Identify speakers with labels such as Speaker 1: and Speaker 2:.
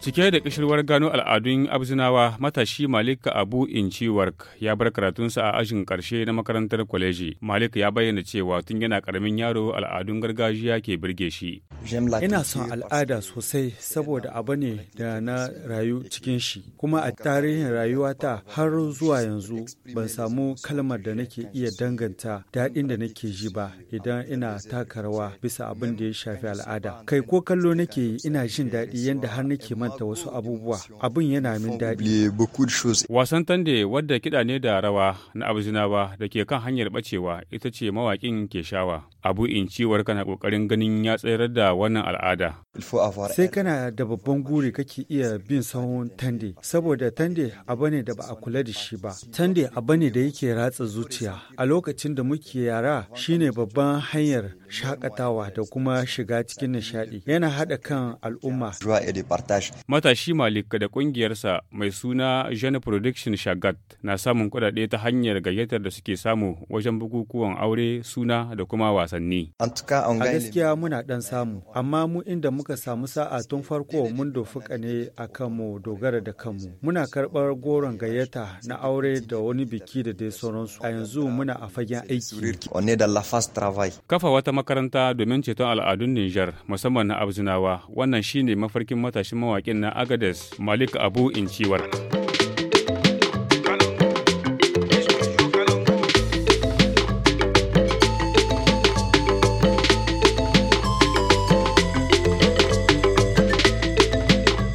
Speaker 1: Cike da kishirwar gano al'adun abzinawa matashi Malik Abu work ya bar karatunsa a ajin karshe na makarantar kwaleji. Malik ya bayyana cewa tun yana karamin yaro al'adun gargajiya ke birge shi.
Speaker 2: Ina son al'ada sosai saboda abu ne da na rayu cikin shi. Kuma a tarihin rayuwata har zuwa yanzu ban samu kalmar da nake iya danganta daɗin da nake ji ba idan ina taka rawa bisa abin da ya shafi al'ada. Kai ko kallo nake ina jin daɗi yadda har nake man faranta wasu abubuwa abin yana min
Speaker 1: daɗi. Wasan tande wadda kiɗa ne da rawa na abuzinawa da ke kan hanyar bacewa ita ce mawaƙin ke shawa. Abu in ciwar kana ƙoƙarin ganin ya tsayar da wannan al'ada. Sai
Speaker 2: kana da babban guri kake iya bin sahun tande saboda tande abu ne da ba a kula da shi ba. Tande abu ne da yake ratsa zuciya a lokacin da muke yara shine babban hanyar shakatawa da kuma shiga cikin nishaɗi yana haɗa kan al'umma.
Speaker 1: Matashi Malik da kungiyarsa mai suna jean Production Shagat na samun kudade ta hanyar gayyatar da suke samu wajen bukukuwan aure, suna da kuma wasanni. A gaskiya
Speaker 2: muna ɗan samu, amma mu inda muka samu sa'a tun farko mun dofuka ne a kanmu dogara da kanmu. Muna karɓar goron gayyata na aure da wani biki da dai sauransu. A yanzu muna a fagen aiki.
Speaker 1: Kafa wata makaranta domin ceton al'adun Nijar musamman na Abzinawa, wannan shine mafarkin matashin mawaƙin na Agades Malik Abu in Inciwar.